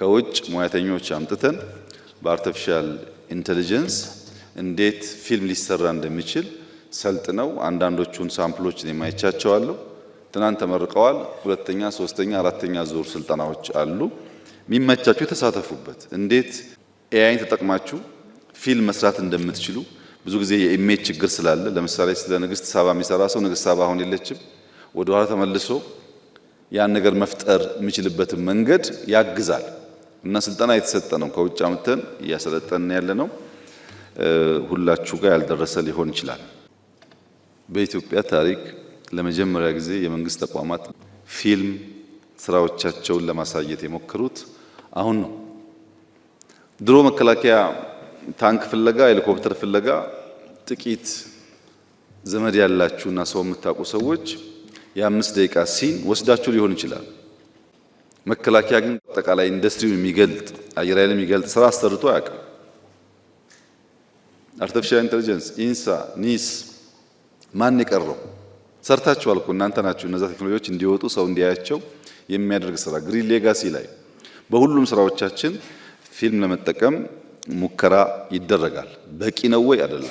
ከውጭ ሙያተኞች አምጥተን በአርቲፊሻል ኢንቴሊጀንስ እንዴት ፊልም ሊሰራ እንደሚችል ሰልጥነው አንዳንዶቹን ሳምፕሎች የማይቻቸዋለሁ ትናንት ተመርቀዋል። ሁለተኛ፣ ሶስተኛ፣ አራተኛ ዙር ስልጠናዎች አሉ። የሚመቻችሁ የተሳተፉበት እንዴት ኤአይን ተጠቅማችሁ ፊልም መስራት እንደምትችሉ ብዙ ጊዜ የኢሜጅ ችግር ስላለ ለምሳሌ ስለ ንግስት ሳባ የሚሰራ ሰው ንግስት ሳባ አሁን የለችም፣ ወደኋላ ተመልሶ ያን ነገር መፍጠር የሚችልበትን መንገድ ያግዛል። እና ስልጠና የተሰጠ ነው። ከውጭ አምጥተን እያሰለጠን ያለ ነው። ሁላችሁ ጋር ያልደረሰ ሊሆን ይችላል። በኢትዮጵያ ታሪክ ለመጀመሪያ ጊዜ የመንግስት ተቋማት ፊልም ስራዎቻቸውን ለማሳየት የሞከሩት አሁን ነው። ድሮ መከላከያ ታንክ ፍለጋ፣ ሄሊኮፕተር ፍለጋ ጥቂት ዘመድ ያላችሁና ሰው የምታውቁ ሰዎች የአምስት ደቂቃ ሲን ወስዳችሁ ሊሆን ይችላል። መከላከያ ግን አጠቃላይ ኢንዱስትሪውን የሚገልጥ አየር ኃይል የሚገልጥ ስራ አሰርቶ አያውቅም። አርቲፊሻል ኢንቴሊጀንስ፣ ኢንሳ፣ ኒስ ማን የቀረው ሰርታችኋል እኮ እናንተ ናችሁ። እነዛ ቴክኖሎጂዎች እንዲወጡ ሰው እንዲያያቸው የሚያደርግ ስራ ግሪን ሌጋሲ ላይ በሁሉም ስራዎቻችን ፊልም ለመጠቀም ሙከራ ይደረጋል። በቂ ነው ወይ? አይደለም።